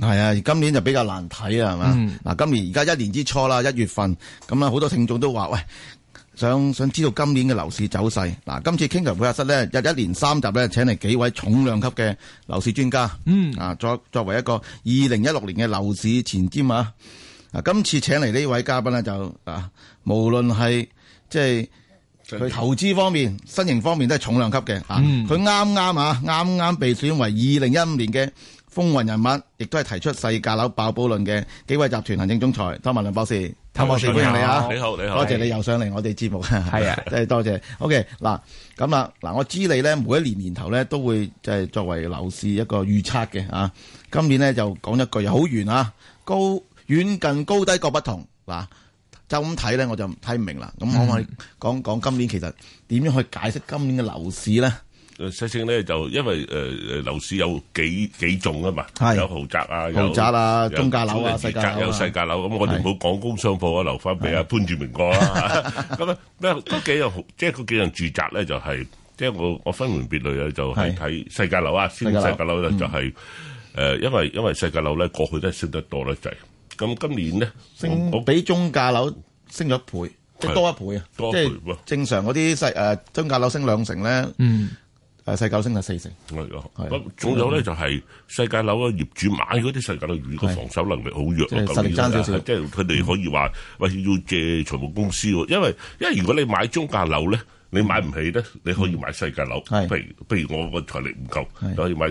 係啊，今年就比較難睇啊，係嘛？嗱，嗯、今年而家一年之初啦，一月份咁啦，好多聽眾都話，喂，想想知道今年嘅樓市走勢。嗱，今次 King Sir 會客室咧，一連三集咧，請嚟幾位重量級嘅樓市專家。嗯，啊作作為一個二零一六年嘅樓市前瞻啊，啊，今次請嚟呢位嘉賓呢，就啊，無論係即係佢投資方面、身形方面都係重量級嘅。嗯他剛剛，佢啱啱啊，啱啱被選為二零一五年嘅。風雲人物，亦都係提出世界樓爆煲論嘅幾位集團行政總裁湯文亮博士。湯博士歡迎你啊！你好，你好，多謝你又上嚟我哋節目。係啊，真係多謝。OK，嗱咁啦，嗱我知你咧每一年年頭咧都會就係作為樓市一個預測嘅啊。今年呢，就講一句，好遠啊，高遠近高低各不同嗱，啊，就咁睇咧我就睇唔明啦。咁可唔可以講講今年其實點樣去解釋今年嘅樓市咧？上升咧就因為誒誒樓市有幾幾種啊嘛，有豪宅啊，豪宅啊，中價樓啊，而隔有細價樓咁，我哋唔好講工商鋪啊，留翻俾阿潘志明哥啦。咁啊咩都幾有好，即係佢幾樣住宅咧就係，即係我我分門別類咧就係睇細價樓啊，先細價樓咧就係誒，因為因為細價樓咧過去都係升得多得滯，咁今年咧升我比中價樓升咗一倍，即係多一倍啊，即係正常嗰啲細誒中價樓升兩成咧。細價樓升到四成，咁仲有咧就係細價樓嘅業主買嗰啲細價樓，個防守能力好弱咁樣，即係佢哋可以話話要借財務公司喎。因為因為如果你買中價樓咧，你買唔起咧，你可以買細價樓。譬如譬如我個財力唔夠，可以買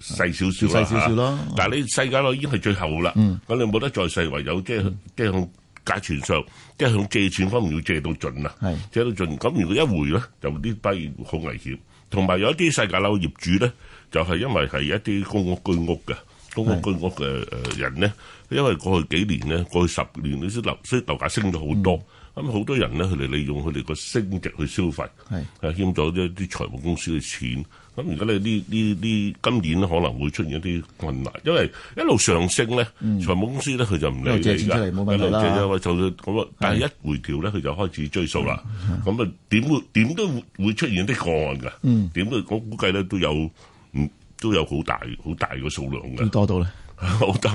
細少少啦。但係你細價樓已經係最後啦，咁你冇得再細，唯有即係即係向價錢上，即係向借錢方面要借到盡啦，借到盡咁。如果一回咧，就呢批好危險。同埋有啲世界樓業主咧，就係、是、因為係一啲公屋居屋嘅公屋居屋嘅誒人咧，因為過去幾年咧，過去十年咧，啲樓，所以樓價升咗好多。嗯咁好多人咧，佢哋利用佢哋個升值去消費，係係欠咗一啲財務公司嘅錢。咁而家咧，呢呢呢今年咧可能會出現一啲困難，因為一路上升咧，財務公司咧佢就唔理你啦。借錢出嚟冇問題啦。就咁啊，但係一回調咧，佢就開始追數啦。咁啊，點會點都會會出現一啲個案㗎。點我估計咧都有唔都有好大好大個數量嘅，多到咧。好得，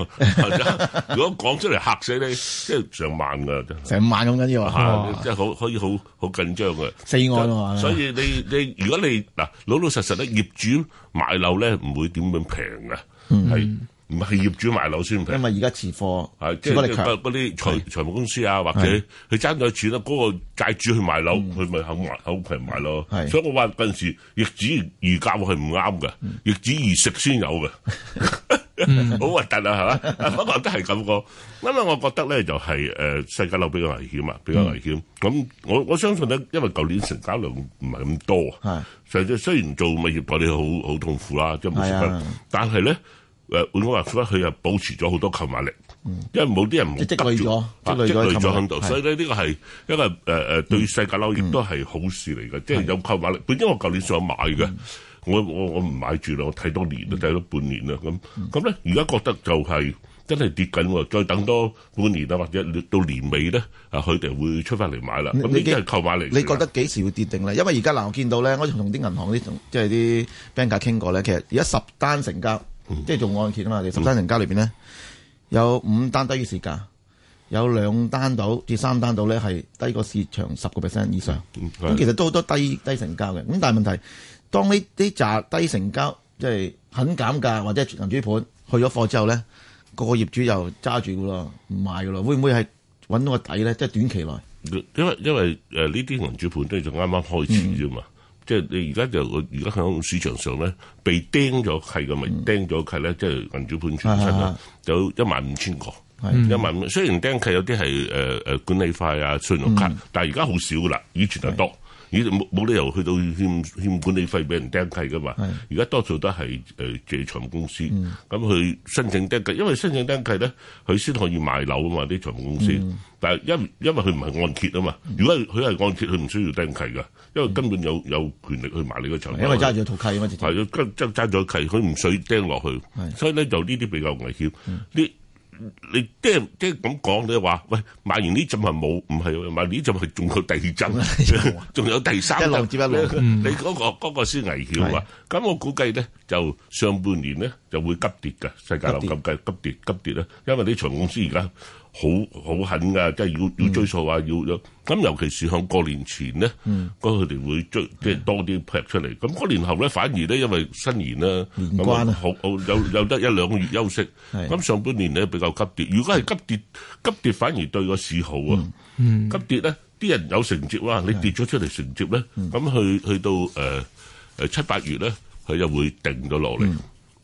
如果講出嚟嚇死你，即係成萬噶，成萬咁緊要啊！即係好可以好好緊張嘅，四萬啊！所以你你如果你嗱老老實實咧，業主買樓咧唔會點樣平嘅，係、嗯。唔係業主賣樓先唔平，因為而家持貨係即係嗰啲財財務公司啊，或者佢爭咗錢啦，嗰個債主去賣樓，佢咪好賣好平賣咯。所以我話嗰陣時易子而教係唔啱嘅，易子而食先有嘅，好核突啊，係嘛？不過都係咁講，因為我覺得咧就係誒，世界樓比較危險啊，比較危險。咁我我相信咧，因為舊年成交量唔係咁多，係實際雖然做物業我哋好好痛苦啦，即係冇食飯，但係咧。誒，本身話覺得佢又保持咗好多購買力，因為冇啲人積累咗，積累咗喺度，所以咧呢個係因為誒誒對世界樓都係好事嚟嘅，即係有購買力。本身我舊年想買嘅，我我我唔買住啦，我睇多年啦，睇咗半年啦，咁咁咧，而家覺得就係真係跌緊喎，再等多半年啊，或者到年尾咧啊，佢哋會出翻嚟買啦。咁呢啲係購買力。你覺得幾時會跌定咧？因為而家嗱，我見到咧，我同啲銀行呢，即係啲 banker 傾過咧，其實而家十單成交。即係、嗯、做按揭嘛？你、就是、十三成交裏邊咧，嗯、有五單低於市價，有兩單到至三單到咧係低過市場十個 percent 以上。咁、嗯、其實都好多低低成交嘅。咁但係問題，當呢啲扎低成交即係肯減價或者係銀主盤去咗貨之後咧，個業主又揸住噶咯，唔賣噶咯，會唔會係搵到個底咧？即、就、係、是、短期內，因為因為誒呢啲銀主盤都係仲啱啱開始啫嘛。嗯即係你而家就，而家響市場上咧，被釘咗契咁咪釘咗契咧，即、就、係、是、銀主盤轉出啦，有一萬五千個，一萬五、嗯。雖然釘契有啲係誒誒管理費啊、信用卡，嗯、但係而家好少啦，以前就多。嗯你冇冇理由去到欠欠管理費俾人掟契噶嘛？而家多數都係誒借財務公司，咁佢申請掟契，因為申請掟契咧，佢先可以賣樓啊嘛！啲財務公司，但係因因為佢唔係按揭啊嘛，如果佢係按揭，佢唔需要掟契噶，因為根本有有權力去賣你個場。因為揸住套契啊嘛，係，即揸咗契，佢唔使掟落去，所以咧就呢啲比較危險啲。你即係即係咁講，你話喂，買完呢陣係冇，唔係，買呢陣係仲有第二陣，仲有第三。一路接一路，你嗰個嗰個先危險嘛？咁我估計咧，就上半年咧就會急跌嘅，世界樓咁計急跌急跌啦，因為你長公司而家。好好狠噶，即係要要追數啊！要有咁，尤其是響過年前咧，嗰佢哋會追即係多啲劈出嚟。咁過年後咧，反而咧因為新年咧，年關啊，好有有得一兩個月休息。咁上半年咧比較急跌，如果係急跌急跌，反而對個市好啊。急跌咧，啲人有承接哇！你跌咗出嚟承接咧，咁去去到誒誒七八月咧，佢又會定咗落嚟，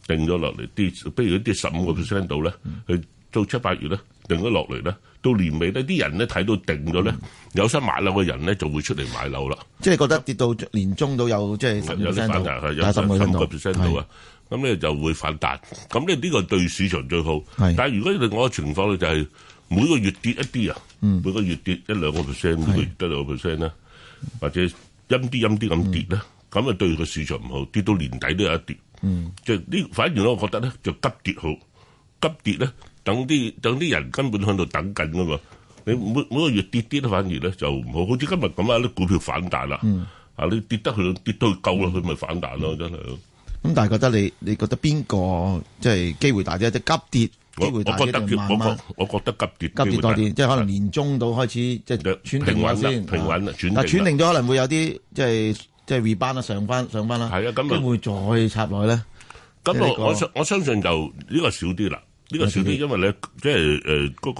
定咗落嚟啲，譬如啲十五個 percent 度咧，去到七八月咧。定咗落嚟咧，到年尾咧，啲人咧睇到定咗咧，有心買樓嘅人咧就會出嚟買樓啦。即係覺得跌到年終都有，即係有反彈，有十五有個 percent 到啊。咁咧就會反彈，咁咧呢個對市場最好。係，但係如果我嘅情況咧就係每個月跌一啲啊，每個月跌一兩個 percent，每個月得兩個 percent 啦，或者陰啲陰啲咁跌咧，咁啊對個市場唔好，跌到年底都有一跌。即係呢，反而我覺得咧就急跌好，急跌咧。等啲等啲人根本喺度等緊噶嘛。你每每個月跌啲都反而咧就唔好。好似今日咁啊，啲股票反彈啦、啊，嗯、啊，你跌得佢跌到夠啦，佢咪反彈咯，真係。咁但係覺得你，你覺得邊個即係機會大啲即急跌，我覺得急跌。我覺得急跌機會大，即係是可能年中到開始即轉、就是、定先。平穩轉定咗可能會有啲即係即係 rebound 啦，上翻上翻啦。係啊，機會再插落咧。咁、就是這個、我我，我相信就呢、呢個少啲啦。呢個少啲，因為咧，即係誒嗰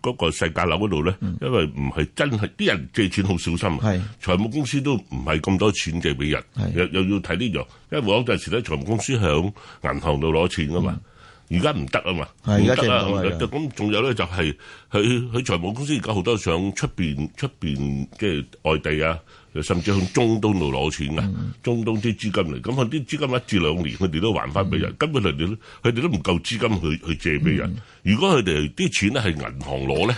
個嗰個世界樓嗰度咧，因為唔係真係啲人借錢好小心，財務公司都唔係咁多錢借俾人，又又要睇呢樣，因為嗰陣時咧財務公司喺銀行度攞錢噶嘛，而家唔得啊嘛，唔得啊咁，仲有咧就係佢佢財務公司而家好多想出邊出邊即係外地啊。甚至向中東度攞錢㗎。中東啲資金嚟，咁佢啲資金一至兩年，佢哋都還翻俾人，根本佢哋佢哋都唔夠資金去去借俾人。如果佢哋啲錢咧係銀行攞咧，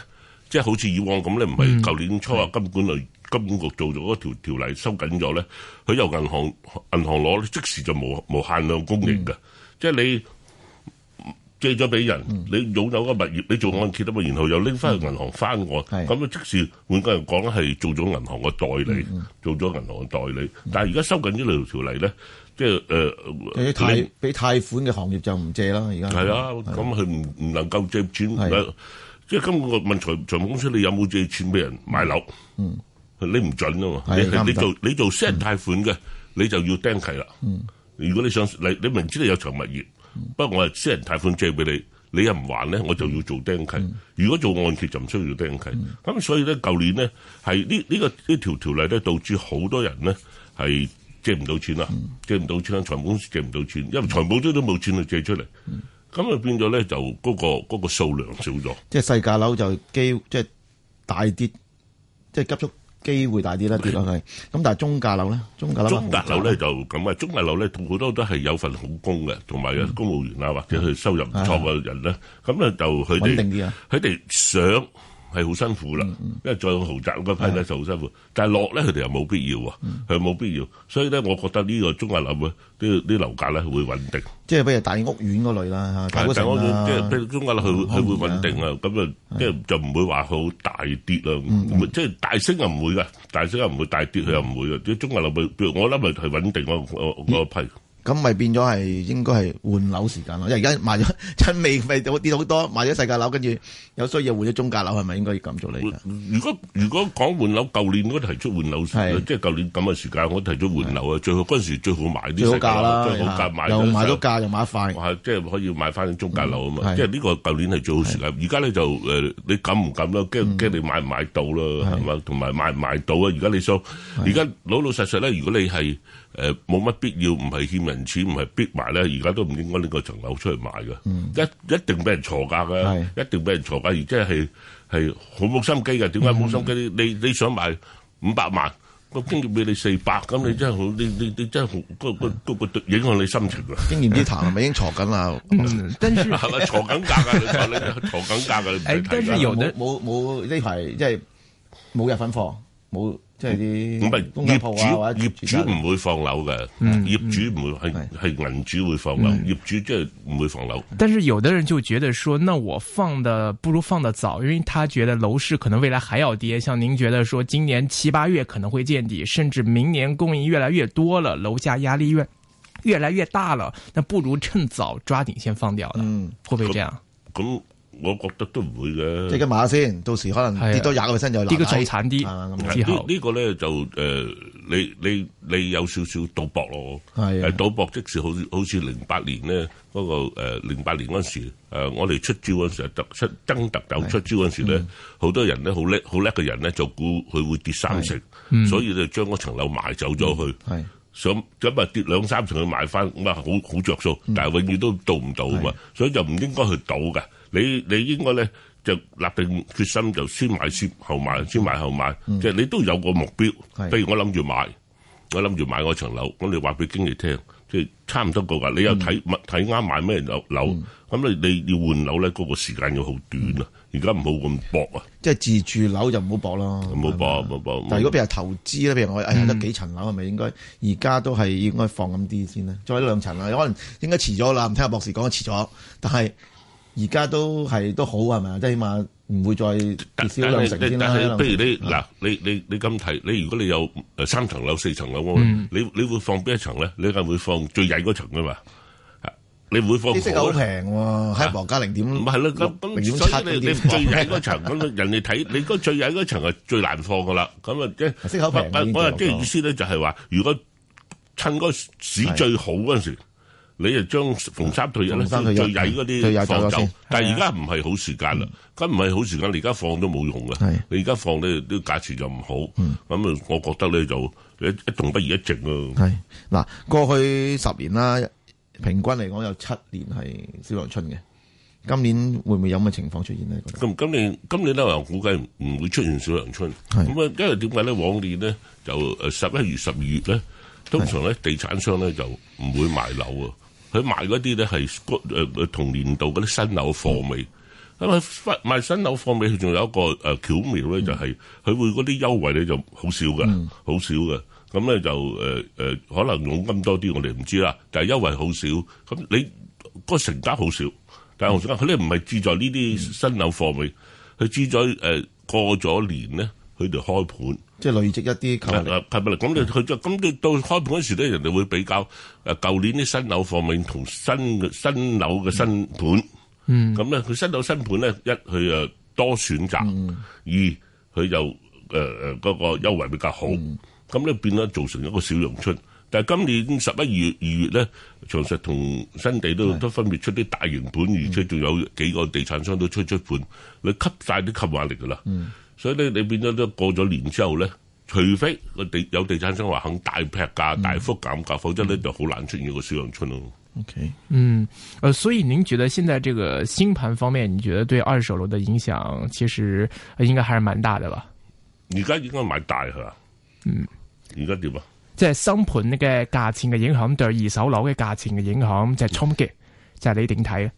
即係好似以往咁咧，唔係舊年初啊金管局金管局做咗嗰條條例收緊咗咧，佢由銀行銀行攞，即時就無冇限量供應嘅，嗯、即係你。借咗俾人，你擁有個物業，你做按揭吖嘛？然後又拎翻去銀行翻按，咁啊，即時換個人講係做咗銀行嘅代理，做咗銀行嘅代理。但係而家收緊呢條條例咧，即係誒，俾貸款嘅行業就唔借啦。而家係啊，咁佢唔唔能夠借錢，即係今個問財財務公司，你有冇借錢俾人買樓？嗯，你唔準啊嘛。你你做你做先貸款嘅，你就要掟契啦。嗯，如果你想你你明知你有長物業。嗯、不過我係私人貸款借俾你，你又唔還咧，我就要做釘契。嗯、如果做按揭就唔需要做釘契。咁、嗯、所以咧，舊年咧係呢、是、這個、條條例、呢個呢條條例咧，導致好多人咧係借唔到錢啦，借唔到錢，財務、嗯、公司借唔到錢，因為財務都都冇錢去借出嚟。咁啊、嗯、變咗咧就、嗰、那個、嗰、那個數量少咗。即係細價樓就基即係大跌，即、就、係、是、急速。機會大啲啦，跌落去。咁但係中價樓咧，中價樓，中價樓咧就咁啊！中價樓咧，好多都係有份好工嘅，同埋有啲公務員啊，嗯、或者去收入唔錯嘅人咧，咁啊的就佢哋，佢哋想。係好辛苦啦，因為再用豪宅嗰批咧就好辛苦，但係落咧佢哋又冇必要喎，佢冇必要，所以咧我覺得呢個中價樓啊，啲啲樓價咧會穩定。即係譬如大屋苑嗰類啦，大屋苑即係譬如中價樓，佢佢會穩定啊，咁啊，即係就唔會話好大跌啦，即係大升又唔會㗎，大升又唔會，大跌佢又唔會嘅。啲中價樓譬如我諗咪係穩定咯，我我批。咁咪變咗係應該係換樓時間咯，因為而家賣咗趁未，咪就跌好多，賣咗世界樓，跟住有需要換咗中介樓，係咪應該要咁做呢？如果如果講換樓，舊年我都提出換樓，即係舊年咁嘅時間，我提出換樓啊，最好嗰陣時最好買啲世界樓，好價買，又買到價，又買得快。哇！即係可以買翻啲中介樓啊嘛，即係呢個舊年係最好時間。而家咧就誒，你敢唔敢咯？驚驚你買唔買到咯，係嘛？同埋買唔買到啊？而家你想，而家老老實實咧，如果你係。誒冇乜必要，唔係欠人錢，唔係逼埋咧。而家都唔應該呢個層樓出去賣嘅，一一定俾人鋤價嘅，一定俾人鋤價。而即係係好冇心機嘅。點解冇心機？你你你想買五百萬，個經紀俾你四百，咁你真係好，你你你真係好，個個個個都影響你心情啊！經驗之談啊，係咪已經鋤緊啦。嗯，但是鋤緊價啊！鋤緊價嘅。誒，但是有啲冇冇呢排即係冇入粉貨冇。即係啲，咁啊業主業主唔會放樓嘅，嗯、業主唔會係係銀主會放樓，嗯、業主即係唔會放樓。但是有的人就覺得說，那我放得不如放得早，因為他覺得樓市可能未來還要跌。像您覺得說，今年七八月可能會見底，甚至明年供應越來越多了，樓價壓力越越來越大了，那不如趁早抓緊先放掉啦。嗯，會不會這樣？我覺得都唔會嘅，即係跟埋下先，到時可能跌多廿個 percent 就跌得再慘啲。個呢呢個咧就誒、呃，你你你有少少賭博咯，係賭的博即好好08、那個呃、時好似好似零八年咧嗰個誒零八年嗰時誒，我哋出招嗰時啊，特出曾特首出招嗰時咧，好、嗯、多人咧好叻好叻嘅人咧就估佢會跌三成，嗯、所以就將嗰層樓賣走咗去，想咁啊跌兩三成去買翻，咁啊好好着數，嗯、但係永遠都賭唔到嘛，的所以就唔應該去賭嘅。你你應該咧就立定決心，就先買先後買先買後買即係、嗯、你都有個目標。嗯、譬如我諗住買我諗住買嗰層樓樓，咁你話俾經理聽，即、就、係、是、差唔多個㗎。你又睇睇啱買咩樓樓，咁你、嗯、你要換樓咧，嗰、那個時間要好短啦。而家唔好咁搏啊！即係自住樓就唔好搏啦，唔好搏，唔好搏。但如果譬如投資咧，譬如我誒得幾層樓係咪應該而家都係應該放咁啲先咧？再一兩層啦，可能應該遲咗啦。唔聽阿博士講，遲咗，但係。而家都係都好係咪？即係起碼唔會再跌少兩成先不如你嗱、啊，你你你咁睇你，你你如果你有三層樓、四層樓，嗯、你你會放邊一層咧？你梗係會放最矮嗰層噶嘛？你唔會放？啲息好平喎，喺王嘉玲點？唔係咯咁，所以你最 你最矮嗰層咁，人哋睇你嗰最矮嗰層係最難放噶啦。咁啊即息平。啊、我即係意思咧，就係話如果趁個市最好嗰陣時。你就將逢三退一咧，三退一最曳嗰啲放走，走，但係而家唔係好時間啦，咁唔係好時間，你而家放都冇用嘅，是你而家放呢個價錢就唔好，咁啊是，我覺得咧就一動不如一靜啊。係嗱，過去十年啦，平均嚟講有七年係小陽春嘅，今年會唔會有咁嘅情況出現呢？今今年今年咧，我估計唔會出現小陽春，咁啊是，因為點解咧？往年咧就十一月十二月咧，通常咧是地產商咧就唔會賣樓啊。佢賣嗰啲咧係嗰誒誒同年度嗰啲新樓貨尾，咁佢賣新樓貨尾，佢仲有一個誒巧妙咧，就係佢會嗰啲優惠咧就好少嘅，好少嘅。咁咧就誒誒可能佣金多啲，我哋唔知啦。但係優惠好少，咁你個成交好少，但係我想佢咧唔係置在呢啲新樓貨尾，佢置在誒過咗年咧，佢就開盤，即係累積一啲吸力，係咪？咁你佢就咁你到開盤嗰時咧，的人哋會比較誒舊年啲新樓貨物同新嘅新樓嘅新盤，咁咧佢新樓新盤咧，一佢誒多選擇，嗯、二佢就誒誒嗰個優惠比較好，咁咧、嗯、變咗造成一個小陽春。但係今年十一二月二月咧，長實同新地都都分別出啲大型盤而出，而且仲有幾個地產商都出出盤，你吸晒啲吸引力㗎啦。嗯所以咧，你變咗都過咗年之後咧，除非個地有地產商話肯大劈價、大幅減價，嗯、否則咧就好難出現一個小陽春咯。OK，嗯，誒，所以您覺得現在這個新盤方面，你覺得對二手樓的影響其實應該還是蠻大的吧？而家應該買大佢、嗯、啊，嗯，而家點啊？即係新盤嘅價錢嘅影響對二手樓嘅價錢嘅影響，即係衝擊，就係、是、你點睇啊？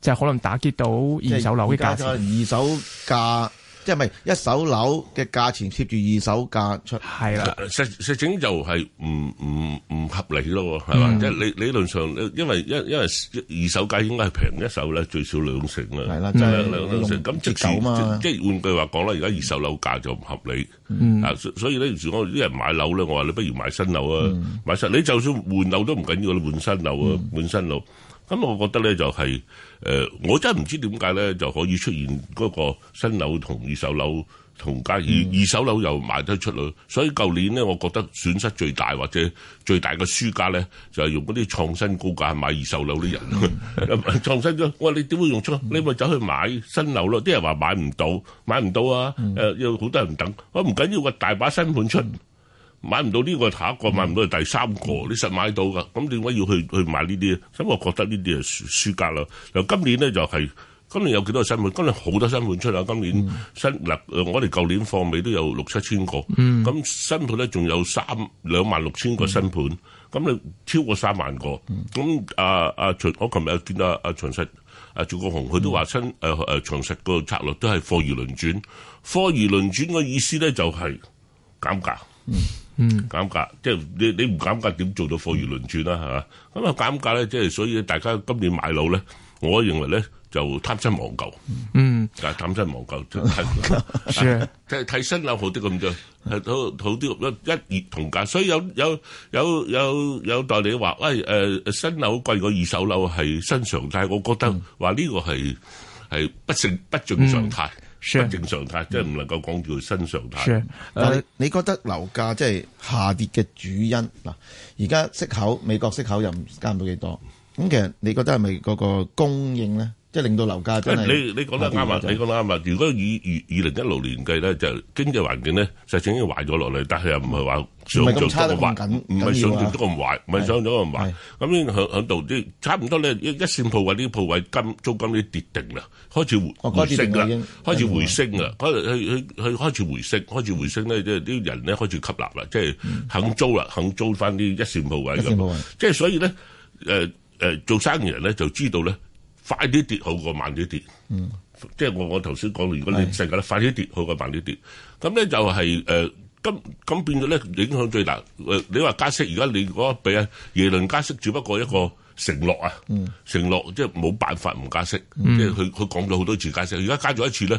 就係、是、可能打擊到二手樓嘅價錢，二手價。即係咪一手樓嘅價錢貼住二手價出？係啦，實實情就係唔唔唔合理咯，係嘛？即係理理論上，因為因因為二手價應該係平一手咧最少兩成啊，係啦，即係兩兩成咁，即時即係換句話講啦，而家二手樓價就唔合理。嗯，啊，所以呢段時我啲人買樓咧，我話你不如買新樓啊，買新你就算換樓都唔緊要啦，你換新樓啊，換新樓。咁、嗯、我覺得咧就係、是，誒、呃，我真係唔知點解咧，就可以出現嗰個新樓同二手樓同價二、嗯、二手樓又賣得出去，所以舊年咧，我覺得損失最大或者最大嘅輸家咧，就係、是、用嗰啲創新高價買二手樓啲人，嗯、 創新咗，我話你點會用出？你咪走去買新樓咯，啲人話買唔到，買唔到啊，呃、有好多人等，我唔緊要喎，大把新盤出。嗯買唔到呢，這個下一個，買唔到第三個，嗯、你實買到噶，咁點解要去去買呢啲？所以我覺得呢啲啊輸輸家啦。由今年咧，就係、是，今年有幾多個新盤？今年好多新盤出啦。今年新嗱，嗯呃，我哋舊年貨尾都有六七千個，咁、嗯、新盤咧仲有三兩萬六千個新盤，咁、嗯、你超過三萬個，咁阿阿長，我琴日見到阿阿長實阿趙、啊、國雄佢都話新誒誒，長、啊啊、實個策略都係貨如輪轉，貨如輪轉嘅意思咧就係、是、減價。嗯嗯，減價即、就是、你你唔減價點做到貨如輪轉啦、啊、嚇？咁啊減價咧，即、就、係、是、所以大家今年買樓咧，我認為咧就貪新忘舊，嗯，啊貪新忘舊，嗯、真是、嗯、啊，睇睇是、嗯、新樓好啲咁多，好好啲一一熱同價，所以有有有有有代理話喂，誒新樓貴過二手樓係新常態，嗯、我覺得話呢個係係不勝不盡常態。嗯不正常態，即係唔能夠講叫新常態。是但係你覺得樓價即係下跌嘅主因嗱，而家息口、美國息口又唔加唔到幾多，咁其實你覺得係咪嗰個供應咧？即令到樓價你你講得啱啊！你講得啱啊！如果以二二零一六年計咧，就經濟環境咧，實情已經壞咗落嚟。但係又唔係話上住咁壞緊，唔係上住咁壞，唔係上咗咁壞。咁已響響度啲差唔多咧，一一線鋪位啲鋪位金租金咧跌定啦，開始回升啦，啊、開始回升啊！佢開開開始回升，開始回升咧，即係啲人咧開始吸納啦，即係肯租啦，肯租翻啲一,一線鋪位咁。即係所以咧，誒誒、呃，做生意人咧就知道咧。快啲跌好過慢啲跌，嗯、即係我我頭先講，如果你世界咧快啲跌好過慢啲跌，咁咧是就係誒咁咁變咗咧影響最大。呃、你話加息，而家你如果俾耶倫加息，只不過一個承諾啊，嗯、承諾即係冇辦法唔加息，嗯、即係佢佢講咗好多次加息，而家加咗一次咧。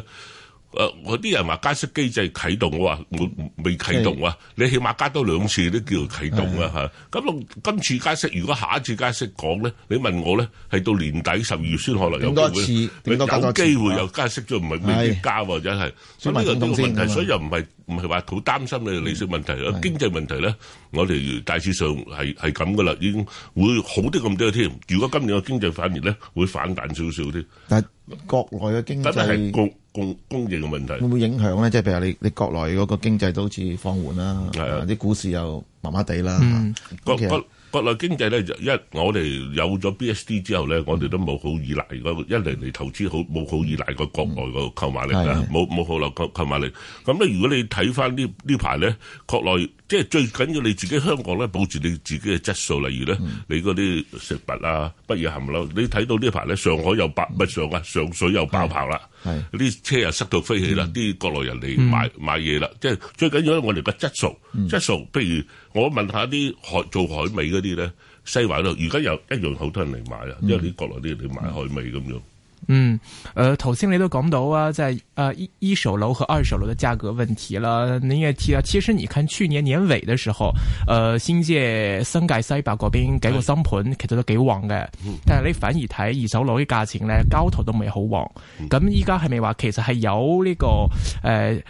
誒，嗰啲人話加息機制啟動，我話冇未啟動啊！你起碼加多兩次都叫做啟動啊吓。咁啊，今次加息如果下一次加息講咧，你問我咧，係到年底十二月先可能有機會，點解咁多次？有又加息咗唔係未加或者係？所以呢個問題，所以又唔係唔係話好擔心你嘅利息問題啊？經濟問題咧，我哋大致上係係咁噶啦，已經會好啲咁多添。如果今年個經濟反而咧會反彈少少啲，但係國內嘅經濟。供供應嘅問題會唔會影響咧？即係譬如你你國內嗰個經濟都好似放緩啦，啲、嗯啊、股市又麻麻地啦。國國國內經濟咧，一我哋有咗 B S D 之後咧，我哋都冇、啊嗯、好依賴個一嚟嚟投資好冇好依賴個國內個購買力啦，冇冇好流購購買力。咁咧，如果你睇翻呢呢排咧，國內即係最緊要你自己香港咧，保持你自己嘅質素。例如咧，嗯、你嗰啲食物啊，不如含漏。你睇到呢排咧，上海又爆，唔上啊，上水又爆炮啦。係，啲車又塞到飛起啦！啲、嗯、國內人嚟買、嗯、買嘢啦，即係最緊要咧，我哋嘅質素，嗯、質素譬如我問下啲海做海味嗰啲咧，西環度而家有一樣好多人嚟買啊，因為啲國內啲人嚟買海味咁樣。嗯嗯嗯，誒、呃，頭先你都講到啊，即係、呃、一一手樓和二手樓的價格問題啦，你也提啊。其實你看去年年尾的時候，誒、呃、新界新界西北嗰邊幾個新盤其實都幾旺嘅，但係你反而睇二手樓嘅價錢咧，交投都未好旺。咁依家係咪話其實係有呢、這個誒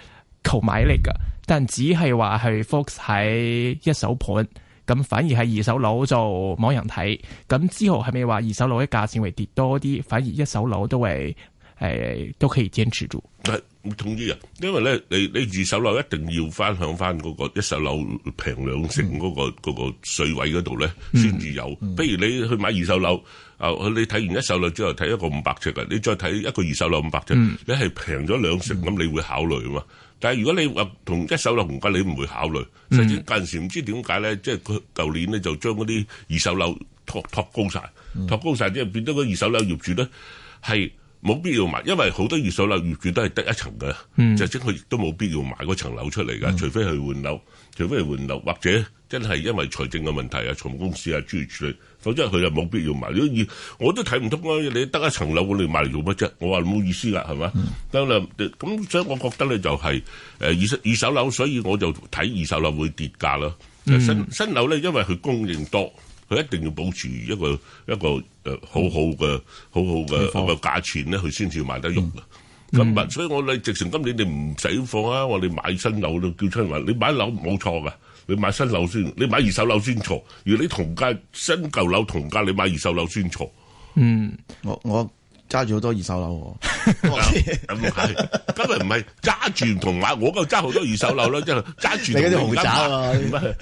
購、呃、買力噶？但只係話係 focus 喺一手盤。咁反而喺二手樓就冇人睇，咁之後係咪話二手樓嘅價錢會跌多啲？反而一手樓都係誒、欸、都可以堅持住。係同意啊，因為咧，你你二手樓一定要翻響翻嗰個一手樓平兩成嗰、嗰個嗰水、嗯嗰個嗰個、位嗰度咧，先至有。不、嗯、如你去買二手樓啊、呃？你睇完一手樓之後睇一個五百尺嘅，你再睇一個二手樓五百尺，嗯、你係平咗兩成，咁、嗯、你會考慮啊嘛？但係如果你話同一手樓同價，你唔會考慮。甚至近時唔知點解咧，即係佢舊年咧就將嗰啲二手樓托託高晒，托高晒之後變咗個二手樓業主咧係冇必要買，因為好多二手樓業主都係得一層嘅，嗯、就即係佢亦都冇必要賣嗰層樓出嚟㗎、嗯，除非係換樓，除非係換樓，或者真係因為財政嘅問題啊，財務公司啊諸如此類。否則佢就冇必要買，如果我都睇唔通咯。你得一層樓，你買嚟做乜啫？我話冇意思啦、啊，係咪？得啦、嗯，咁所以我覺得咧就係誒二手二手樓，所以我就睇二手樓會跌價咯、嗯。新新樓咧，因為佢供應多，佢一定要保持一個一個誒、呃、好好嘅好好嘅況個價錢咧，佢先至買得喐。嗯今日，所以我哋直情今年你唔使放啊！我哋買新樓都叫出嚟話，你買樓冇錯噶，你買新樓先，你買二手樓先錯。如果你同價新舊樓同價，你買二手樓先錯。嗯，我我揸住好多二手樓。 係、 嗯，今日唔係揸住唔同買，我夠揸好多二手樓咯，即係揸住。你啲豪宅啊？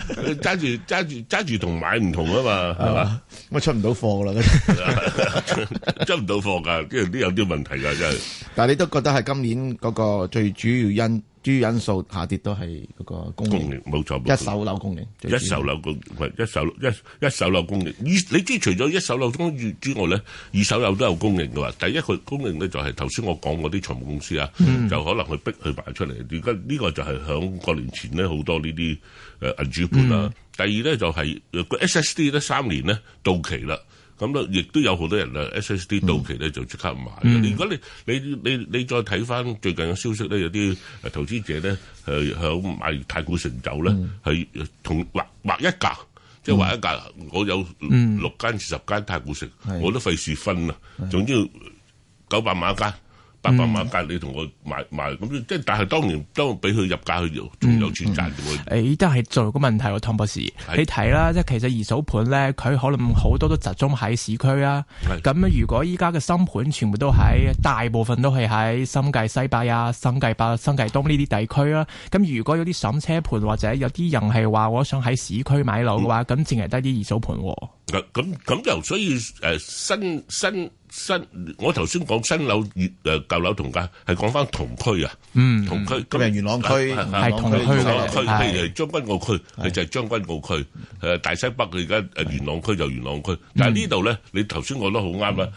揸住，揸住，揸住同買唔同啊嘛，係嘛，嗯。我出唔到貨噶啦，出唔到貨噶，跟住都有啲問題噶，真係。但係你都覺得係今年嗰個最主要因？主要因素下跌都係嗰個供應，冇錯，一手樓供應，一手樓供唔係一手一一手樓供應。二你知除咗一手樓供應之外咧，二手樓都有供應嘅話，第一佢供應咧就係頭先我講嗰啲財務公司啊，嗯、就可能佢逼佢擺出嚟。而家呢個就係響過年前咧，好多呢啲誒銀主盤啦、啊。嗯、第二咧就係個 SSD 咧三年咧到期啦。咁咧，亦都有好多人啊 SSD 到期咧就即刻買。如果你你你你，你再睇翻最近嘅消息咧，有啲投資者咧係響買太古城走咧，係同、嗯、劃劃一格，即係、嗯、劃一格。我有六間至十間太古城，我都費事分啊。總之九百萬一間。八百萬價你同我買買，咁即係，但係當年都俾佢入價，佢仲有轉賺嘅。誒，都係做個問題喎，湯博士，你睇啦，即係其實二手盤咧，佢可能好多都集中喺市區啦。咁是如果依家嘅新盤全部都喺，大部分都係喺新界西北啊、新界北、新界東呢啲地區啦。咁如果有啲上車盤或者有啲人係話我想喺市區買樓嘅話，咁淨係得啲二手盤喎。咁咁咁由所以誒新新新，我頭先講新樓、誒舊樓同價，係講翻同區啊，嗯，同區，譬如元朗區係同區嘅，譬如係將軍澳區，佢就係將軍澳區，誒大西北佢而家誒元朗區就元朗區，但係呢度咧，你頭先講得好啱啦，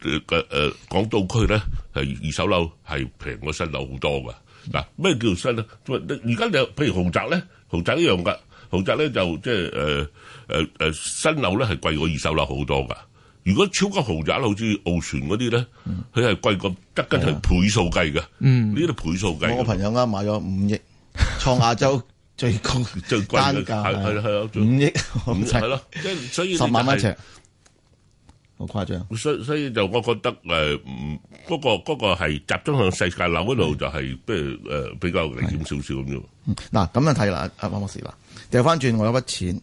誒誒港島區咧係二手樓係平過新樓好多噶，嗱咩叫新咧？而家就譬如豪宅咧，豪宅一樣噶，豪宅咧就即係誒。誒誒，新樓咧係貴過二手樓好多噶。如果超級豪宅，好似澳船嗰啲咧，佢係貴過得緊係倍數計嘅。嗯，呢度倍數計。嗯、數計我朋友啱買咗五億，創亞 洲最高最貴嘅係係五億五尺係以十萬蚊尺，好誇張。所以、就是、所，以所以就我覺得誒，唔、呃、嗰、那個嗰、那個係集中向世界樓嗰度就係，不如誒比較危險少少咁樣。嗯，嗱咁樣睇啦，阿湯博士啦，掉翻轉我有筆錢。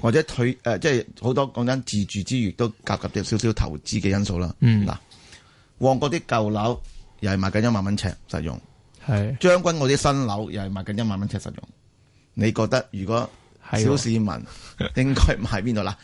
或者退誒、呃，即係好多講緊自住之餘，都夾夾啲少少投資嘅因素啦。嗯，嗱，旺角啲舊樓又係賣緊一萬蚊尺實用，係將是軍澳啲新樓又係賣緊一萬蚊尺實用。你覺得如果小市民是、哦、 應該買邊度啦？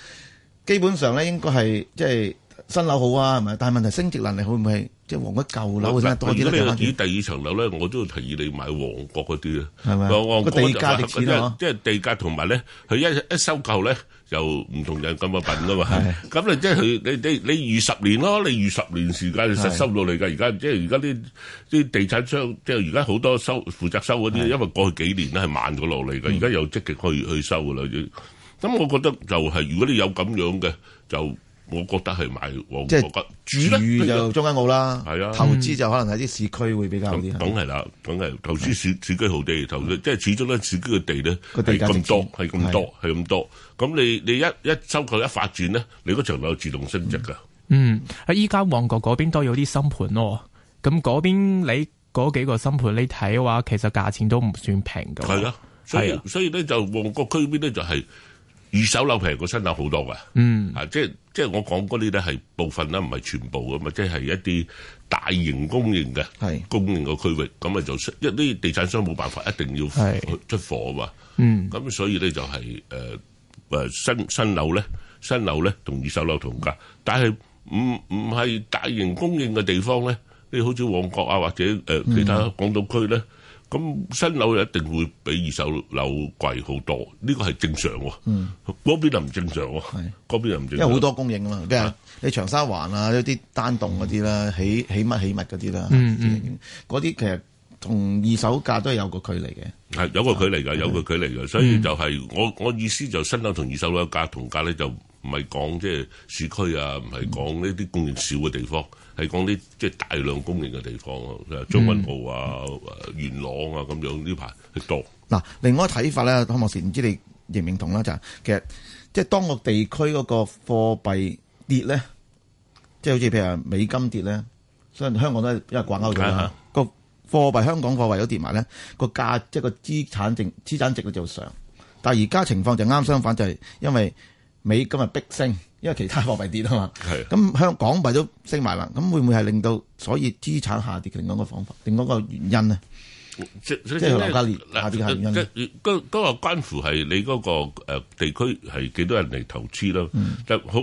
基本上咧，應該係即係。新樓好啊，係咪？但係問題升值能力會唔會即係旺角舊樓會多啲？如果你以第二層樓咧，我都會提議你買旺角嗰啲啊，係咪？旺角即係地價，即係地價同埋咧，佢一一收購咧，就唔同人咁嘅品㗎嘛。咁的你即係佢，你你你二十年咯，你二十年時間失收到嚟㗎。而家的即係而家啲啲地產商，即係而家好多收負責收嗰啲，的因為過去幾年咧係慢咗落嚟㗎，而家又積極去去收㗎啦。咁我覺得就係，如果你有咁樣嘅就。我覺得係買旺角嘅住就中間澳啦，係啊，投資就可能喺啲市區會比較好啲。梗係啦，梗係投資市市區好地，投資即係始終咧，市區嘅地咧係咁多，係咁多，係咁多。咁你你一一收購一發展咧，你嗰層樓自動升值噶。嗯，啊，依家旺角嗰邊都有啲新盤咯，咁嗰邊你嗰幾個新盤你睇嘅話，其實價錢都唔算平噶。係啊，所以所以咧就旺角區嗰邊咧就係二手樓平過新樓好多噶。嗯，啊，即係。即係我講嗰啲咧係部分啦，唔係全部噶嘛，即係係一啲大型供應嘅供應嘅區域，咁咪就一啲地產商冇辦法一定要出貨嘛。嗯，咁所以咧就係誒誒新新樓咧，新樓咧同二手樓同價，但係唔唔係大型供應嘅地方咧，你好似旺角啊或者誒其他港島區咧。咁新樓一定會比二手樓貴好多，呢個係正常。嗯，嗰邊就唔正常。係，嗰邊又唔正常，因為好多供應啦。咩啊？你長沙灣啊，一啲單棟嗰啲啦，起起乜起乜嗰啲啦。嗯嗯，嗰啲其實同二手價都係有個距離嘅。係有個距離噶，有個距離嘅。所以就係我我意思就新樓同二手樓價同價咧，就唔係講即係市區啊，唔係講呢啲供應少嘅地方。係講啲即係大量供應嘅地方，誒、啊，將軍澳啊、元朗啊咁樣呢排係多。嗱，另外一個睇法，咧，康博士，唔知你認唔認同啦就係、是、其實即係、就是、當地區個地區嗰個貨幣跌咧，即係好似譬如美金跌咧，所以香港都因為掛鈎咗個貨幣香港貨幣都跌埋咧，個價即係個資產值資產值就上。但係而家情況就啱相反，就係因為美金係逼升。因為其他貨幣跌是啊嘛，咁香港幣都升埋啦，咁會唔會係令到所以資產下跌嘅另一個方法、另一個原因呢？即係是下，下跌原因，嗱，都都係關乎係你嗰、嗰個、呃、地區係幾多人嚟投資咯。嗯、就係、好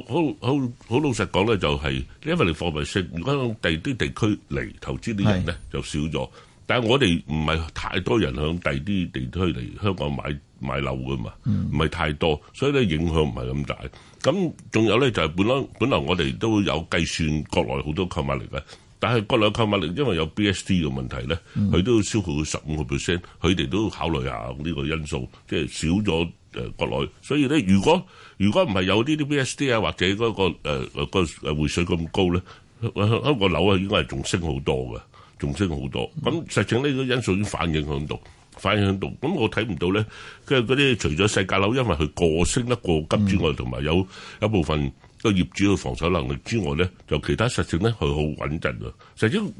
好好好老實講咧，就係、是、因為你貨幣升，如果地啲地區嚟投資啲人咧是的 就少咗。但係我哋唔係太多人響第二啲地區嚟香港買買樓噶嘛，唔係、嗯、太多，所以咧影響唔係咁大。咁仲有咧就係本來本來我哋都有計算國內好多購物力嘅，但係國內購物力因為有 B S D 嘅問題咧，佢都消耗十五個 percent，佢哋都考慮下呢個因素，即係少咗誒國內。所以咧，如果如果唔係有呢啲 B S D 啊，或者嗰、嗰個誒誒嗰個匯水咁高咧，香港樓啊應該係仲升好多嘅。仲升好多，咁實情呢個因素已經反映響度，反映響度。咁我睇唔到咧，即係嗰啲除咗細價樓，因為佢過升得過急之外，同埋有，有一部分個業主嘅防守能力之外咧，就其他實情咧佢好穩陣啊。實質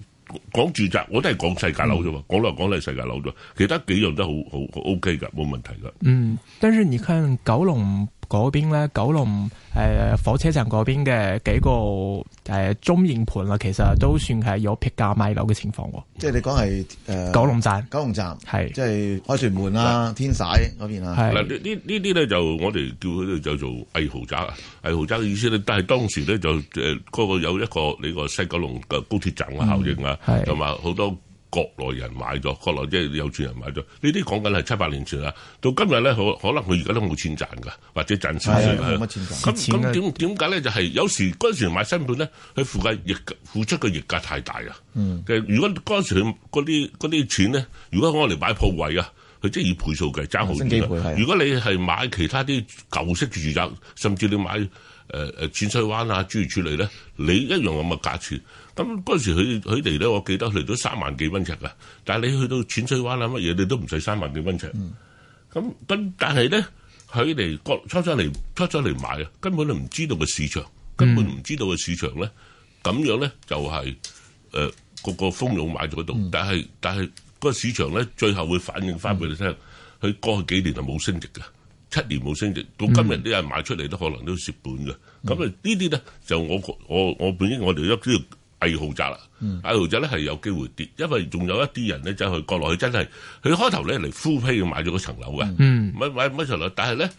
講住宅，我都係講細價樓啫嘛，嗯、講嚟講嚟細價樓啫，其他幾樣都好好 O K 噶，冇、OK、問題噶。嗯，但係你看九龍，嗰邊咧，九龍誒、呃、火車站嗰邊嘅幾個誒中型盤啦，其實都算係有劈價賣樓嘅情況，啊。即係你講係誒九龍站，九龍站係是即係凱旋門啊，是天璽嗰邊啊。嗱是，呢呢啲咧就我哋叫佢就做偽豪宅。偽豪宅嘅意思咧，但係當時咧就誒嗰、呃、個有一個你個西九龍嘅高鐵站嘅效應啊，同埋好多。國內人買咗，國內即係有錢人買咗，呢啲講緊係七八年前啦。到今日咧，可可能佢而家都冇錢賺㗎，或者賺少少啦。乜咁咁點點解咧？就係、是、有時嗰陣時買新盤咧，佢附價溢，付出嘅溢價太大啊。嗯如那那。如果嗰陣時佢嗰啲嗰啲錢咧，如果我嚟買鋪位啊，佢即係以倍數計爭好遠。如果你係買其他啲舊式住宅，甚至你買誒誒淺水灣啊、珠翠嚟咧，你一樣咁嘅價錢。咁嗰陣時佢佢哋咧，我記得佢哋嚟到三萬幾蚊尺㗎。但係你去到淺水灣啦乜嘢，你都唔使三萬幾蚊尺。咁咁、嗯，但係咧，佢哋，出出嚟出出嚟買啊，根本都唔知道個市場，根本唔知道個市場咧，咁樣咧就係誒個個蜂擁買咗度。但係但係嗰個市場咧，最後會反映返俾你聽。佢、嗯、過去幾年係冇升值嘅，七年冇升值，到今日啲人買出嚟都可能都蝕本嘅。咁啊、嗯、呢啲咧就我我我，我本身我哋一大豪宅啦，大豪宅咧係有機會跌，因為仲有一啲人咧就係去國內，佢真係佢開頭咧嚟 full pay 買咗嗰層樓嘅，唔、嗯、買乜嘢層樓，但係咧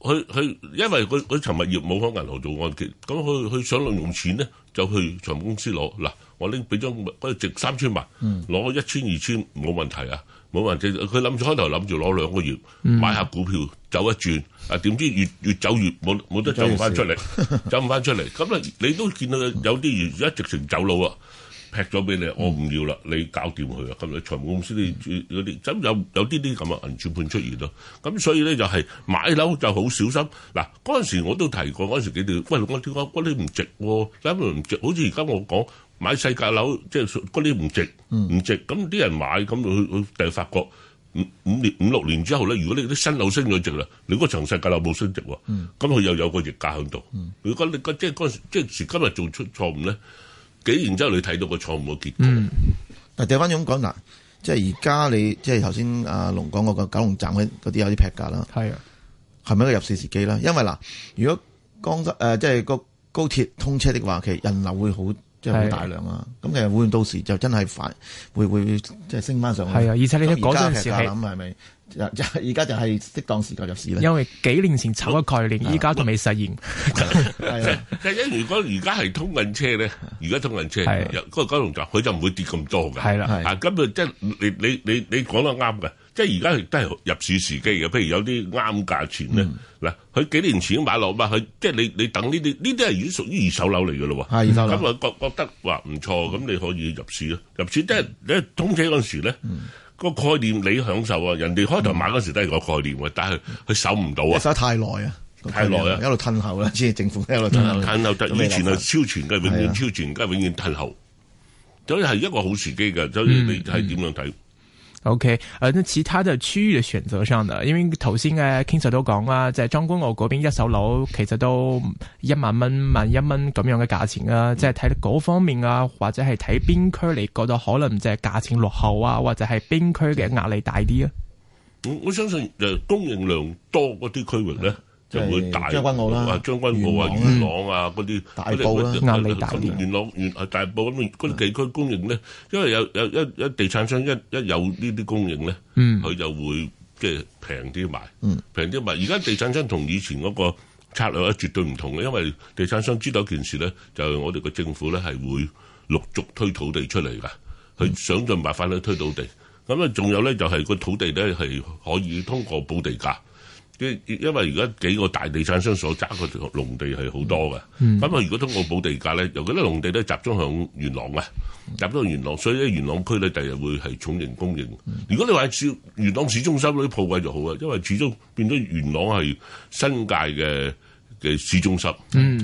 佢佢因為佢佢層物業冇喺銀行做按揭，咁佢佢想利用錢咧。走去財務公司攞嗱，我拎俾張不過值三千萬，攞一千、二千冇問題啊，冇問題。佢諗住開頭諗住攞兩個月、嗯、買下股票走一轉，啊，點知越越走越冇冇得走翻出嚟，越走唔翻出嚟。咁 啊，你都見到有啲而家直情走佬啊。劈咗俾你，我唔要啦，你搞掂佢啦。咁你財務公司你有啲，咁有有啲啲咁嘅銀主盤出現咯。咁所以咧就係買樓就好小心。嗱，嗰陣時我都提過，嗰陣時佢哋喂我點解嗰啲唔值喎、啊？點解唔值？好似而家我講買世界樓，即係嗰啲唔值，唔值。咁啲人買，咁佢佢第日發覺五五年五六年之後咧，如果你啲新樓升咗值啦，你嗰層世界樓冇升值喎、啊，咁佢又有個逆價喺度。如果你即係嗰陣即係時，時今日做出錯誤咧。幾然之後你睇到個錯誤嘅結果、嗯， 但係掉翻轉講嗱，即係而家你即係頭先阿龍講嗰個九龍站嗰啲有啲劈價啦，係啊，係咪、啊、一個入市時機啦？因為嗱，如果江西誒即係個高鐵通車的話，其實人流會好。即係好大量啊！咁是的 其實會到時就真係快，會會即係升翻上去。係啊，而且你講嗰陣時諗，係咪？而家就係適當時間入市啦。因為幾年前炒嘅概念，依家都未實現。係啊，即係如果而家係通運車咧，而家通運車，嗰個九龍站佢就唔會跌咁多嘅。係啦，啊，今日真你、你、你、你講得啱嘅。即係而家亦都係入市時機嘅，譬如有啲啱價錢咧，嗱佢幾年前都買落嘛，佢即係你你等呢啲呢啲係已經屬於二手樓嚟噶啦，咁我覺覺得話唔錯，咁你可以入市，入市即係你通車嗰陣時咧個概念你享受啊，人哋開頭買嗰時都係個概念，但係佢守唔到啊，守得太耐啊，太耐啊，一路褪後啦，政府一路褪後褪後得，以前係超前嘅，永遠超前，而家永遠褪後，所以係一個好時機嘅，所以你睇點樣睇。O K，誒，那、okay。呃、其他嘅區域嘅選擇上嘅，因為頭先嘅、啊、King Sir 都講啦、啊，即係將軍澳嗰邊一手樓其實都一萬蚊萬一蚊咁樣嘅價錢啦、啊，即係睇嗰方面啊，或者係睇邊區你，覺得可能即係價錢落後啊，或者係邊區嘅壓力大啲啊，我我相信誒、呃，供應量多嗰啲區域咧。即係將軍澳啦，將軍澳啊、元朗啊嗰啲，大埔啲大埔啲元朗、元啊大埔嗰啲嗰啲地區，供應咧，因為有有一一地產商一一有呢啲供應咧，嗯，佢就會即係平啲賣，嗯，平啲賣。而家地產商同以前嗰個策略咧絕對唔同嘅，因為地產商知道一件事咧，就係我哋嘅政府咧係會陸續推土地出嚟噶，佢想盡辦法去推土地。咁啊，仲有咧就係個土地咧係可以通過補地價，因因為而家幾個大地產商所揸嘅農地係好多嘅，咁啊、嗯、如果通過補地價咧，尤其嗰啲農地都集中響元朗啊，集中元朗，所以咧元朗區咧第日會係重型供應。如果你話元朗市中心嗰啲鋪位就好啊，因為始終變咗元朗係新界嘅嘅市中心。嗯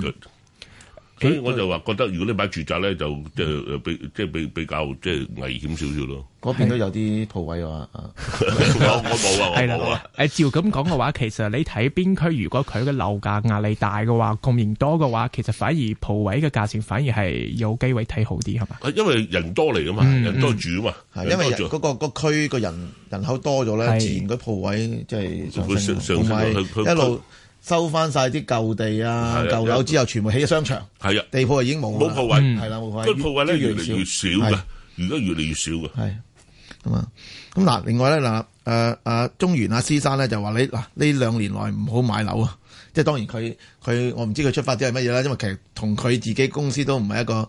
所以我就話覺得，如果你買住宅咧，就即係比即係比比較即係危險少少咯。嗰邊都有啲鋪位啊！我我冇啊，係啦。誒，照咁講嘅話，其實你睇邊區，如果佢嘅樓價壓力大嘅話，供應多嘅話，其實反而鋪位嘅價錢反而係有機會睇好啲，係嘛，嗯嗯嘛？因為人多嚟噶嘛，人多住啊嘛。因為嗰、嗰個嗰區、嗰個區人人口多咗咧，的自然個鋪位即係上升，同埋一路。收翻晒啲舊地啊、舊樓之後，全部起咗商場。係啊的，地鋪已經冇啦，冇鋪位係啦，冇鋪位。啲、嗯、鋪位咧越嚟越，越少嘅，而家越嚟越少嘅。係咁啊，咁嗱，另外咧嗱，誒、呃、誒、啊，中原山啊，先生咧就話你嗱呢兩年內唔好買樓啊，即係當然佢佢我唔知佢出發點係乜嘢啦，因為其實同佢自己公司都唔係一個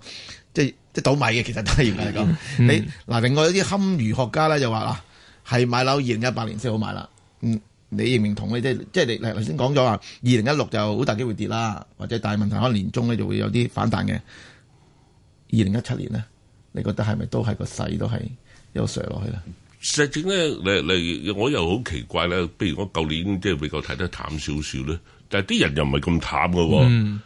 即係即倒米嘅，其實當然嚟講，嗯、你嗱、嗯啊、另外有啲堪輿學家咧就話啦係買樓二零一八年先好買啦，嗯。你認唔認同、就是、你即係即係你頭先講咗話，二零一六就好大機會跌啦，或者大問題可能年中咧就會有啲反彈嘅。二零一七年呢，你覺得係咪都係個勢都係有上落去咧？實際咧，你你我又好奇怪咧。譬如我舊年即係比較睇得淡少少咧，但係啲人又唔係咁淡㗎喎。嗯、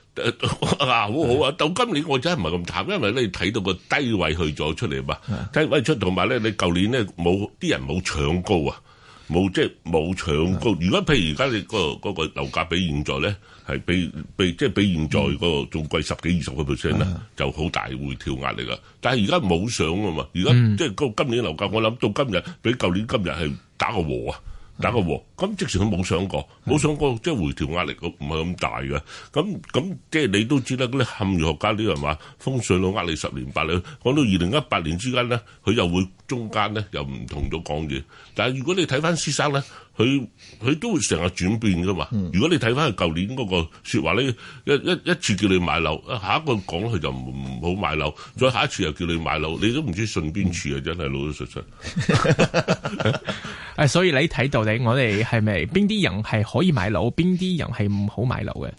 啊，好好啊！到是的 今年我真係唔係咁淡，因為你睇到個低位去咗出嚟嘛，低位出同埋咧，你舊年咧冇啲人冇搶高啊。冇即係冇搶高。如果譬如而家你嗰個嗰個樓價比現在咧，係比比即係比現在嗰個仲貴十幾二十個 percent 啦，就好大回調壓力噶。但係而家冇上啊嘛，而家即係今今年樓價，我諗到今日比舊年今日係打個和啊。打個咁即時都冇想過，冇想過即係回調壓力唔係咁大嘅。咁咁即係你都知啦，嗰啲堪輿學家啲人話，風水佬呃你十年八年，講到二零一八年之間咧，佢又會中間咧又唔同咗講嘢。但係如果你睇翻先生咧，佢佢都會成日轉變噶嘛。如果你睇翻佢舊年嗰個説話咧，一一一次叫你買樓，下一個講佢就唔唔好買樓，再下一次又叫你買樓，你都唔知順邊次啊！真係老老實實。 誒，所以你睇到底我哋係咪邊啲人係可以買樓，邊啲人係唔好買樓嘅？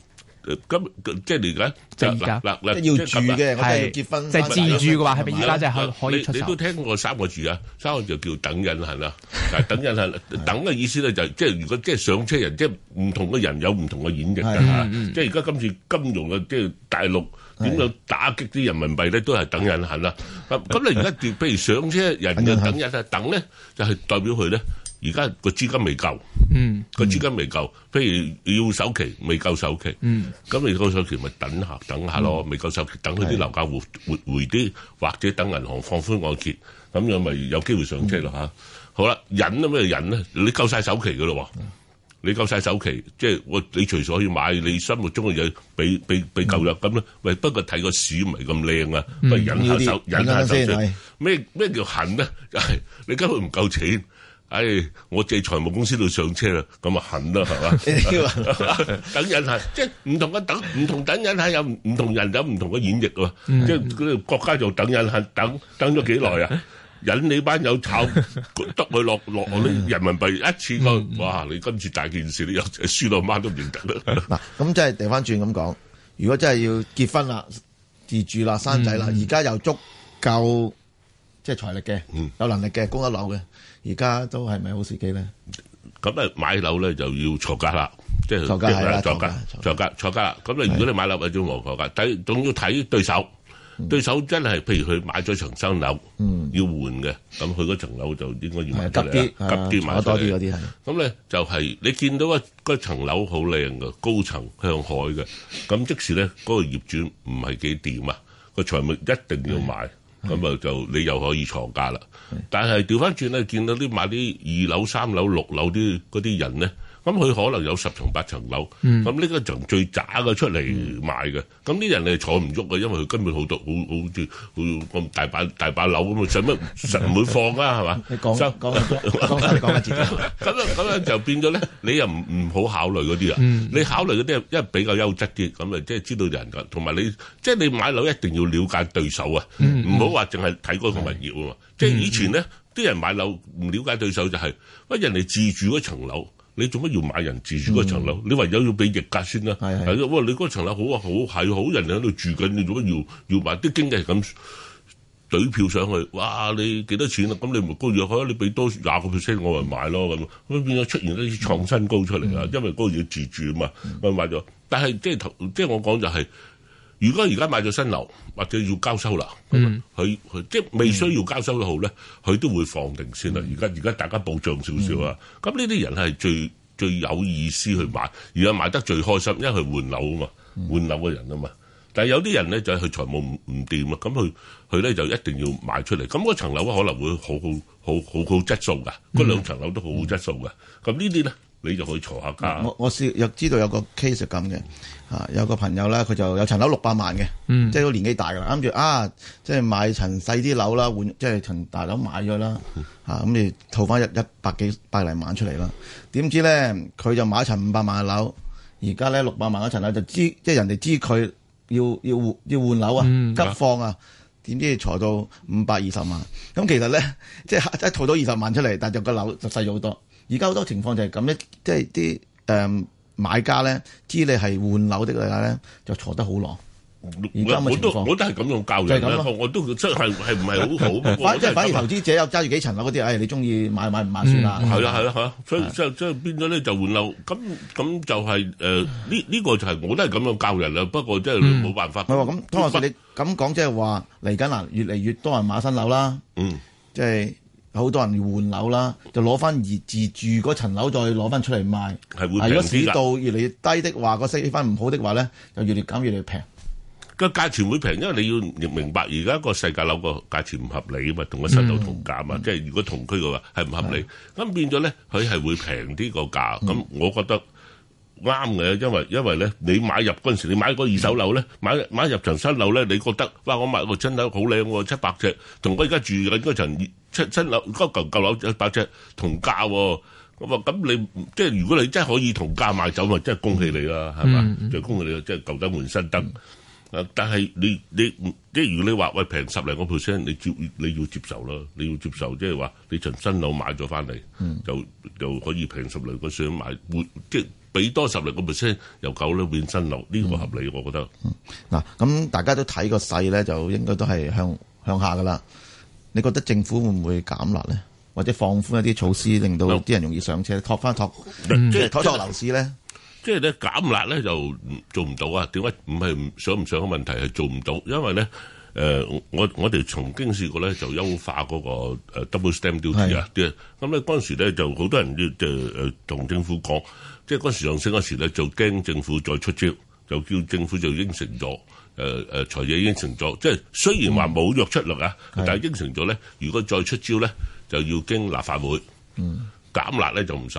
咁即係你而家，即係要住嘅，係結婚，即係自住嘅話，係咪依家即係可以出手？你都聽過三個字啊，三個字叫等運行啦。等運行，等嘅意思咧就即係如果即係上車人，即係唔同嘅人有唔同嘅演繹噶吓。即係而家今次金融嘅即係大陸點樣打擊啲人民幣咧，都係等運行啦。咁你而家譬如上車人要等運行啊，等咧就係代表佢咧。而家個資金未夠，嗯，個資金未夠，譬如要首期未夠首期，嗯，咁未夠首期咪等下等下咯，未夠首期等佢啲樓價活活回啲，或者等銀行放寬按揭，咁樣咪有機會上車咯吓。好啦，忍咁又忍啦，你夠晒首期噶咯你夠晒首期，即係我你隨所要買你心目中嘅嘢，俾俾俾夠咗咁啦。喂，不過睇個市唔係咁靚啊，不如忍下手，忍下手出。咩咩叫忍咧？就係你根本唔夠錢。哎，我借財務公司度上車啦，咁啊狠啦，係嘛？ 等人係即係唔同嘅等，唔同等人係有唔同人有唔同嘅演繹喎， 嗯、即係國家就等人係等等咗幾耐啊？忍你班友炒 得佢落落啲人民幣一次過，嗯、哇！你今次大件事你又輸到媽都唔認得啦。嗱、嗯，咁 即係掉翻轉咁講，如果真係要結婚啦、自住啦、生仔啦，而家、嗯、又足夠即係財力嘅，嗯、有能力嘅，供一樓嘅。而家都係咪好時機咧？咁啊，買樓咧就要坐價啦，即係坐價，坐價，坐價，坐價啦。咁你如果你買樓為咗卧房價，睇總要睇對手。對手真係譬如佢買咗層新樓，要換嘅，咁佢嗰層樓就應該要買啲急啲，急啲買多啲啲係，咁咧就係你見到啊嗰層樓好靚嘅，高層向海嘅，咁即時咧嗰個業主唔係幾掂啊，個財務一定要買。咁啊，就你又可以藏價啦。的但係調翻轉咧，見到啲買啲二樓三樓六樓啲嗰啲人咧。咁佢可能有十層八層樓，咁呢一層最渣嘅出嚟賣嘅，咁啲、嗯、人嚟坐唔喐嘅，因為佢根本好多好好住好咁大把大把樓咁啊，使乜唔會放啊？係嘛 吧？你講說，講講講下自己。咁啊咁樣就變咗咧，你又唔唔好考慮嗰啲啊。嗯、你考慮嗰啲係比較優質啲，咁啊即係知道人噶，同埋你即係、就是、你買樓一定要了解對手啊，唔好話淨係睇嗰個物業啊嘛。即係是以前咧，啲、嗯、人買樓唔了解對手就係、是，喂人哋自住嗰層樓。你做乜要買人自住嗰層樓？嗯、你唯有要俾溢價先啦、啊。係喎是是，你嗰層樓好啊，好係好，好，人哋喺度住緊，你做乜要要買？啲經濟咁隊票上去，哇！你幾多錢啦、啊？咁你唔高月可，你俾多廿個 percent 我咪買咯咁。咁變咗出現啲創新高出嚟啊！嗯、因為嗰個嘢自住啊嘛，咪、嗯、買咗。但係即係即係我講就係、是。如果而家買咗新樓，或者要交收樓，佢佢、mm、即係未需要交收嘅號咧，佢都會放定先啦。而家而家大家保障少少啊，咁呢啲人係最最有意思去買，而家買得最開心，因為佢換樓啊嘛，換樓嘅人啊嘛。但係有啲人咧就係、是、佢財務唔掂啊，咁佢佢咧就一定要賣出嚟。咁嗰層樓可能會好好好好好，好，好，好，好質素㗎，嗰兩層樓都好好，好質素㗎。咁呢啲咧。你就可以坐下架。我我有知道有個 case 咁嘅，啊有個朋友啦，佢就有層樓六百萬嘅，嗯、即係年紀大嘅，諗住啊，即係買層細啲樓啦，換即係層大樓買咗啦，嗯、啊咁你套翻一一百幾百零萬出嚟啦。點知咧佢就買一層五百萬嘅樓，而家咧六百萬一層樓就知即係人哋知佢要要，要換要換樓啊，嗯、急放啊，點知坐到五百二十萬。咁其實咧即係一套到二十萬出嚟，但係就個樓就細咗好多。而家好多情況就係咁咧，即係啲誒買家咧知你係換樓的嚟嘅咧，就坐得好耐。而家咁嘅情況，我都我都係咁樣教人我都即係係唔係好好？反即係反而投資者又揸住幾層樓嗰啲，誒你中意買，買唔買算啦。係啦係啦係啊！所以即係即係變咗咧就換樓，咁咁就係誒呢呢個就係我都係咁樣教人啦。不過即係冇辦法。係咁，你咁講即係話嚟緊啊，越嚟越多人買新樓啦。嗯，即係。有好多人換樓啦，就攞翻而自住嗰層樓，再攞翻出嚟賣。係會平啲啦。如果市道越嚟越低的話，個息翻唔好的話咧，就越嚟越減越嚟越平。個價錢會平，因為你要明白，而家個世界樓個價錢唔合理啊嘛，同個新樓同價啊，即係如果同區嘅話係唔合理。咁變咗咧，佢係會平啲個價。咁、嗯、我覺得。啱嘅，因為因為咧，你買入嗰陣時，你買個二手樓咧，買買入層新樓咧，你覺得哇，我買個新樓好靚，我七百尺，同我而家住嘅應該層新新樓嗰舊舊樓一百尺同價，咁啊咁你即係如果你真係可以同價買走，咪即係恭喜你啦，係嘛，就恭喜你，即係舊燈換新燈。誒，但係你你即係如果你話，喂，平十零個 percent，你接你要接受啦，你要接受，即係話你層新樓買咗翻嚟，就就可以平十零個 percent 買，即係。俾多十零個 percent 由九樓變新樓呢個合理，我覺得嗯。嗯，嗱，咁大家都睇個勢咧，就應該都係向向下噶啦。你覺得政府會唔會減辣咧？或者放寬一啲措施，令到啲人容易上車，托翻托，即係托托樓市咧？即係咧減辣咧就做唔到啊？點解？唔係唔想唔想嘅問題，係做唔到，因為咧。誒、呃，我我哋曾經試過咧，就優化嗰、那個、呃、double stamp duty 啊，啲咁咧嗰時時嗰陣時咧，就好多人要就同、呃、政府講，即係嗰陣時上升嗰時咧，就驚政府再出招，就叫政府就應承咗，誒誒財爺應承咗，即係雖然話冇咗出路啊，嗯、但係應承咗咧，如果再出招咧，就要經立法會，嗯、減辣咧就唔使。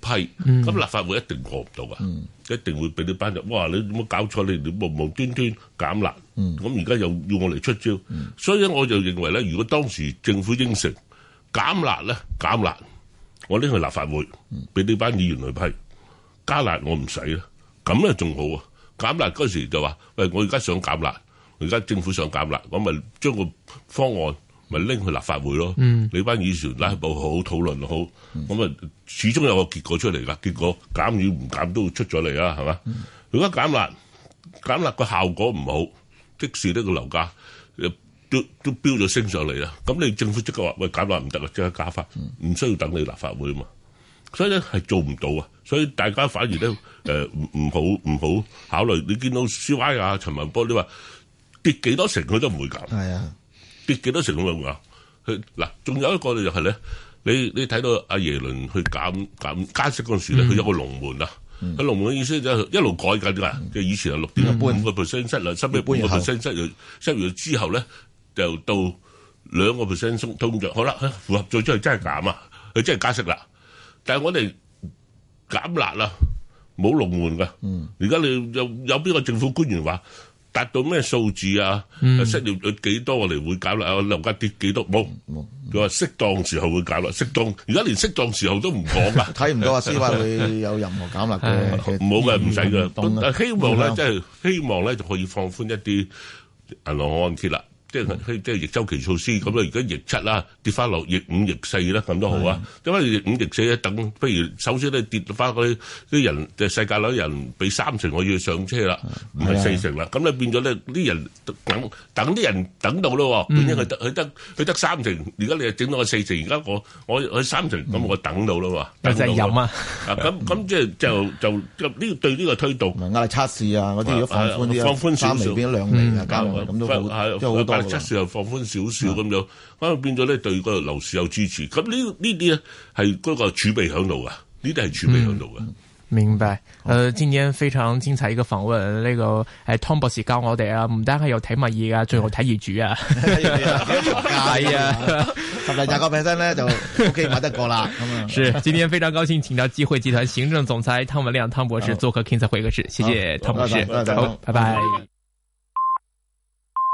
批，咁立法會一定過唔到㗎！一定會俾呢班人，哇！你點樣搞錯？你你無無端端減辣，咁而家又要我嚟出招，所以咧我就認為咧，如果當時政府應承減辣咧，減辣，我拎去立法會，俾呢班議員去批，加辣我唔使啦，咁咧仲好啊！減辣嗰時就話，喂，我而家想減辣，而家政府想減辣，咁咪將個方案。咪拎去立法會咯，嗯、你班議員拉布好，討論好，咁啊始終有個結果出嚟噶。結果減與唔減都會出咗嚟啊，係嘛？嗯、如果減辣減辣個效果唔好，即使呢個樓價都都飆咗升上嚟啊。咁你政府即刻話喂，減辣唔得啊，即刻加翻，唔需要等你立法會啊嘛。所以咧係做唔到啊，所以大家反而咧誒唔唔好唔好考慮。你見到 CY 啊，陳文波你，你話跌幾多成佢都唔會減。係啊。跌幾多成咁樣啊？佢，嗱，仲有一個就係、是、咧，你你睇到阿耶倫去減減加息嗰陣時咧，佢、嗯、有個龍門啊。佢、嗯、龍門嘅意思就係、是、一路改緊㗎，即係、嗯、以前係六點五個 percent 息啦，收尾半個 percent 息又收完之後咧，就到兩個 percent 通脹。好啦，符合咗之後真係減啊，佢真係加息啦。但係我哋減辣啦，冇龍門噶。而家、嗯、你有有邊個政府官員話？達到咩數字啊？失業率幾多我哋會減落啊？樓價跌幾多？冇，佢話適當時候會減落，適當。而家連適當時候都唔講噶，睇唔到啊！師傅會有任何減落嘅，唔好嘅，唔使噶。但希望咧，即係希望咧，就可以放寬一啲銀行按揭啦。即係即係逆週期措施咁啊！而家逆七啦，跌翻落逆五、逆四啦，咁都好啊。因為逆五、逆四咧，等不如首先咧跌翻嗰啲啲人，即係世界裏啲人俾三成，我要上車啦，唔係四成啦。咁咧變咗咧，啲人等等啲人等到咯。變咗佢得佢得佢得三成，而家你整到個四成，而家我我我三成，咁我等到啦嘛。但係有啊！啊咁咁即係就就呢對呢個推動，壓力測試啊嗰啲，如果放寬啲，三釐變咗兩釐啊，加落去咁都即係好多。出售又放寬少少咁樣，咁變咗咧對個樓市有支持。咁呢呢啲係嗰個儲備喺度啊，呢啲係儲備喺度啊。明白。誒，今天非常精彩一個訪問，呢個係湯博士教我哋啊，唔單係有睇物業啊，仲要睇業主啊。係啊，十零廿個 percent，咧就 OK，冇得過啦。是，今天非常高興請到紀惠集團行政總裁湯文亮湯博士做客 King Sir 會客室，謝謝湯博士，拜拜。